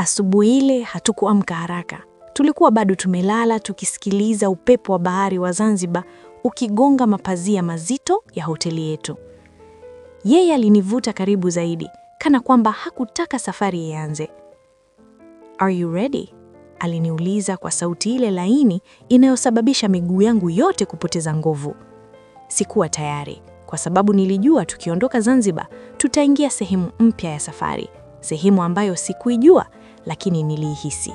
Asubuhi ile hatukuamka haraka, tulikuwa bado tumelala tukisikiliza upepo wa bahari wa Zanzibar ukigonga mapazia mazito ya hoteli yetu. Yeye alinivuta karibu zaidi, kana kwamba hakutaka safari ianze. Are you ready? Aliniuliza kwa sauti ile laini inayosababisha miguu yangu yote kupoteza nguvu. Sikuwa tayari kwa sababu nilijua tukiondoka Zanzibar tutaingia sehemu mpya ya safari, sehemu ambayo sikuijua lakini niliihisi.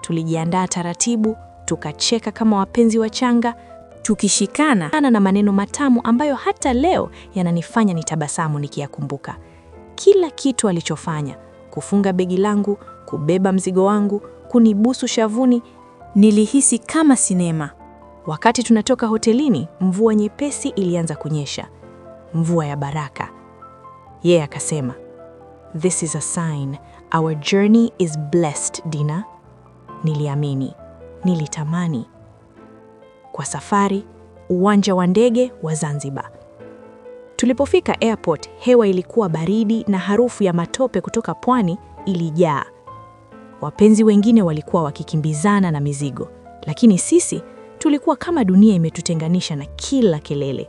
Tulijiandaa taratibu, tukacheka kama wapenzi wachanga, tukishikana ana na maneno matamu ambayo hata leo yananifanya nitabasamu nikiyakumbuka. Kila kitu alichofanya, kufunga begi langu, kubeba mzigo wangu, kunibusu shavuni, nilihisi kama sinema. Wakati tunatoka hotelini, mvua nyepesi ilianza kunyesha, mvua ya baraka. Yeye akasema, This is a sign. Our journey is blessed, Dina. Niliamini, nilitamani. Kwa safari, uwanja wa ndege wa Zanzibar. Tulipofika airport, hewa ilikuwa baridi na harufu ya matope kutoka pwani ilijaa. Wapenzi wengine walikuwa wakikimbizana na mizigo, lakini sisi tulikuwa kama dunia imetutenganisha na kila kelele.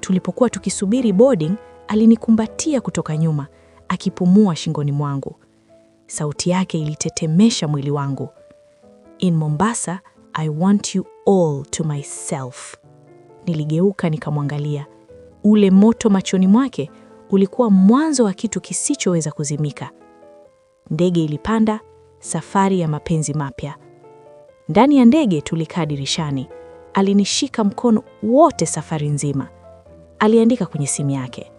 Tulipokuwa tukisubiri boarding, alinikumbatia kutoka nyuma akipumua shingoni mwangu. Sauti yake ilitetemesha mwili wangu. In Mombasa, I want you all to myself. Niligeuka nikamwangalia. Ule moto machoni mwake ulikuwa mwanzo wa kitu kisichoweza kuzimika. Ndege ilipanda, safari ya mapenzi mapya. Ndani ya ndege tulikaa dirishani. Alinishika mkono wote safari nzima. Aliandika kwenye simu yake.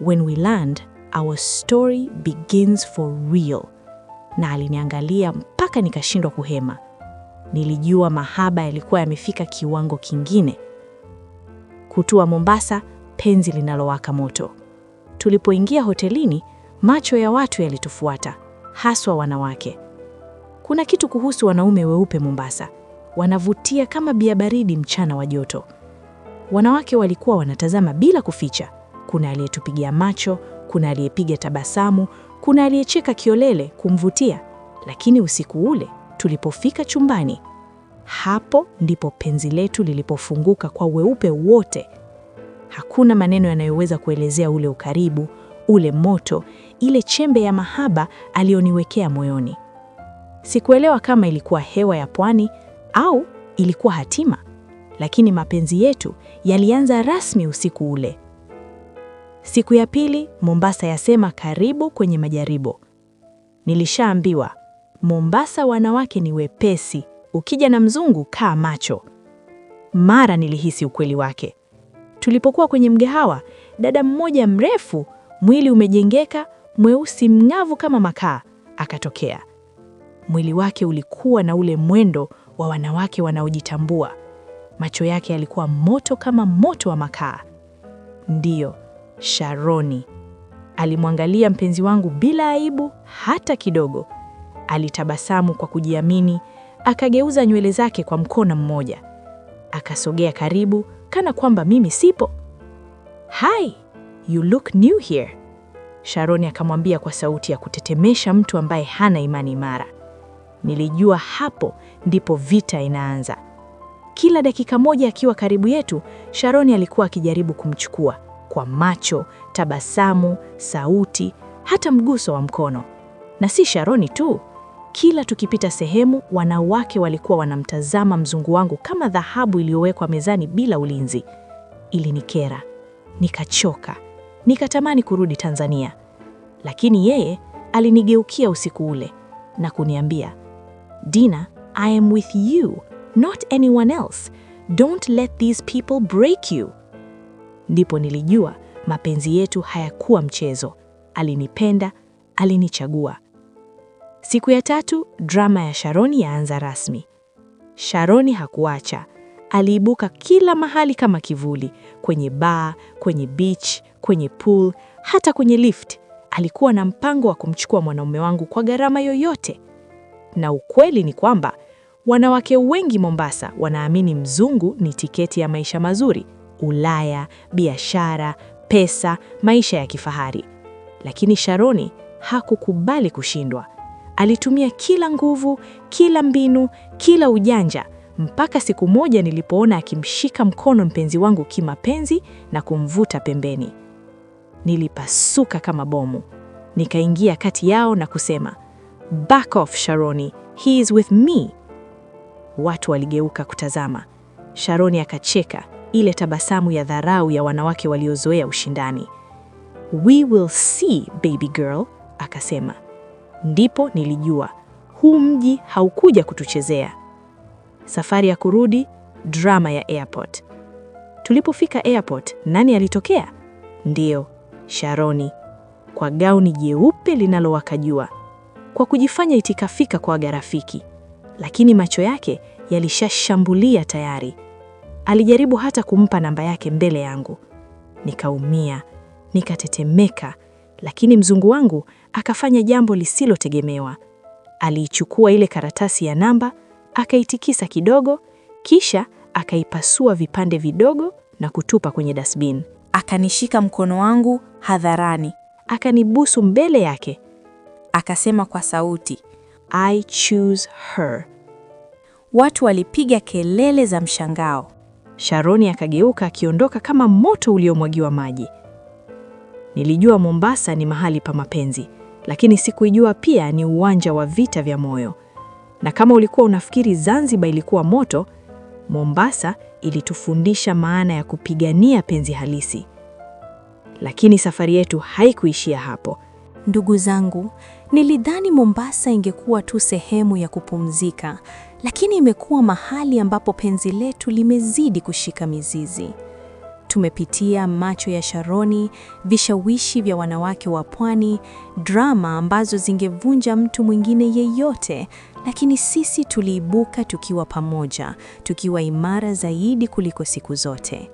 When we land, our story begins for real, na aliniangalia mpaka nikashindwa kuhema. Nilijua mahaba yalikuwa yamefika kiwango kingine. Kutua Mombasa, penzi linalowaka moto. Tulipoingia hotelini, macho ya watu yalitufuata, haswa wanawake. Kuna kitu kuhusu wanaume weupe Mombasa, wanavutia kama bia baridi mchana wa joto. Wanawake walikuwa wanatazama bila kuficha. Kuna aliyetupigia macho, kuna aliyepiga tabasamu, kuna aliyecheka kiolele kumvutia. Lakini usiku ule tulipofika chumbani, hapo ndipo penzi letu lilipofunguka kwa weupe wote. Hakuna maneno yanayoweza kuelezea ule ukaribu, ule moto, ile chembe ya mahaba aliyoniwekea moyoni. Sikuelewa kama ilikuwa hewa ya pwani au ilikuwa hatima, lakini mapenzi yetu yalianza rasmi usiku ule. Siku ya pili Mombasa yasema karibu kwenye majaribu. Nilishaambiwa Mombasa wanawake ni wepesi, ukija na mzungu kaa macho. Mara nilihisi ukweli wake. Tulipokuwa kwenye mgahawa, dada mmoja mrefu, mwili umejengeka, mweusi mng'avu kama makaa, akatokea. Mwili wake ulikuwa na ule mwendo wa wanawake wanaojitambua. Macho yake yalikuwa moto kama moto wa makaa. Ndiyo, Sharoni. Alimwangalia mpenzi wangu bila aibu hata kidogo. Alitabasamu kwa kujiamini, akageuza nywele zake kwa mkono mmoja, akasogea karibu kana kwamba mimi sipo. Hi, you look new here, Sharoni akamwambia kwa sauti ya kutetemesha mtu ambaye hana imani imara. Nilijua hapo ndipo vita inaanza. Kila dakika moja akiwa karibu yetu, Sharoni alikuwa akijaribu kumchukua, kwa macho, tabasamu, sauti, hata mguso wa mkono. Na si Sharoni tu, kila tukipita sehemu, wanawake walikuwa wanamtazama mzungu wangu kama dhahabu iliyowekwa mezani bila ulinzi. Ilinikera, nikachoka, nikatamani kurudi Tanzania, lakini yeye alinigeukia usiku ule na kuniambia, Dina, I am with you, not anyone else. Don't let these people break you ndipo nilijua mapenzi yetu hayakuwa mchezo. Alinipenda, alinichagua. Siku ya tatu, drama ya Sharoni yaanza rasmi. Sharoni hakuacha. Aliibuka kila mahali kama kivuli, kwenye ba kwenye beach, kwenye pool, hata kwenye lift. Alikuwa na mpango wa kumchukua mwanaume wangu kwa gharama yoyote. Na ukweli ni kwamba wanawake wengi Mombasa wanaamini mzungu ni tiketi ya maisha mazuri, Ulaya, biashara, pesa, maisha ya kifahari. Lakini Sharoni hakukubali kushindwa. Alitumia kila nguvu, kila mbinu, kila ujanja mpaka siku moja nilipoona akimshika mkono mpenzi wangu kimapenzi na kumvuta pembeni. Nilipasuka kama bomu. Nikaingia kati yao na kusema, Back off Sharoni, he is with me. Watu waligeuka kutazama. Sharoni akacheka ile tabasamu ya dharau ya wanawake waliozoea ushindani. We will see baby girl, akasema. Ndipo nilijua huu mji haukuja kutuchezea. Safari ya kurudi, drama ya airport. Tulipofika airport, nani alitokea? Ndiyo, Sharoni kwa gauni jeupe linalowaka jua, kwa kujifanya itikafika kwa garafiki, lakini macho yake yalishashambulia tayari. Alijaribu hata kumpa namba yake mbele yangu. Nikaumia, nikatetemeka, lakini mzungu wangu akafanya jambo lisilotegemewa. Aliichukua ile karatasi ya namba, akaitikisa kidogo, kisha akaipasua vipande vidogo na kutupa kwenye dasbin. Akanishika mkono wangu hadharani, akanibusu mbele yake, akasema kwa sauti, I choose her. Watu walipiga kelele za mshangao. Sharoni akageuka akiondoka kama moto uliomwagiwa maji. Nilijua Mombasa ni mahali pa mapenzi, lakini sikuijua pia ni uwanja wa vita vya moyo. Na kama ulikuwa unafikiri Zanzibar ilikuwa moto, Mombasa ilitufundisha maana ya kupigania penzi halisi. Lakini safari yetu haikuishia hapo. Ndugu zangu, nilidhani Mombasa ingekuwa tu sehemu ya kupumzika, lakini imekuwa mahali ambapo penzi letu limezidi kushika mizizi. Tumepitia macho ya Sharoni, vishawishi vya wanawake wa pwani, drama ambazo zingevunja mtu mwingine yeyote, lakini sisi tuliibuka tukiwa pamoja, tukiwa imara zaidi kuliko siku zote.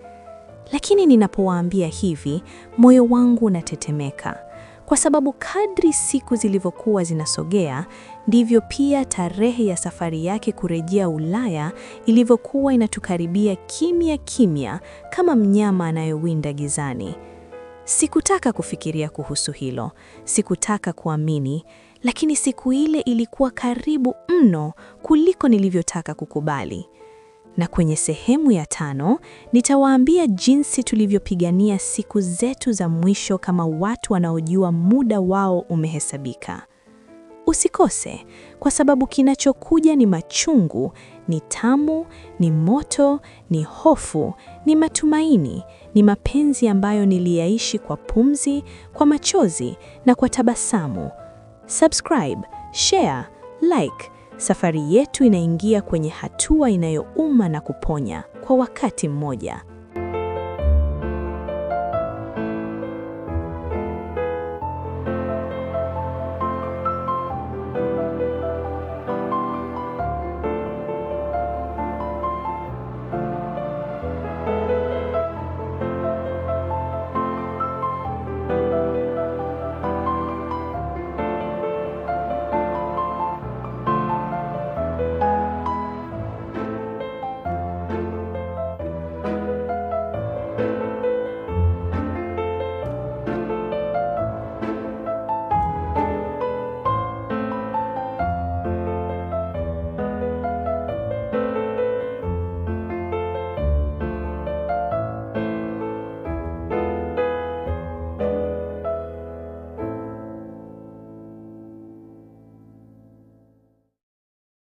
Lakini ninapowaambia hivi, moyo wangu unatetemeka kwa sababu kadri siku zilivyokuwa zinasogea ndivyo pia tarehe ya safari yake kurejea Ulaya ilivyokuwa inatukaribia kimya kimya, kama mnyama anayewinda gizani. Sikutaka kufikiria kuhusu hilo, sikutaka kuamini, lakini siku ile ilikuwa karibu mno kuliko nilivyotaka kukubali na kwenye sehemu ya tano nitawaambia jinsi tulivyopigania siku zetu za mwisho kama watu wanaojua muda wao umehesabika. Usikose, kwa sababu kinachokuja ni machungu, ni tamu, ni moto, ni hofu, ni matumaini, ni mapenzi ambayo niliyaishi kwa pumzi, kwa machozi na kwa tabasamu. Subscribe, share, like safari yetu inaingia kwenye hatua inayouma na kuponya kwa wakati mmoja.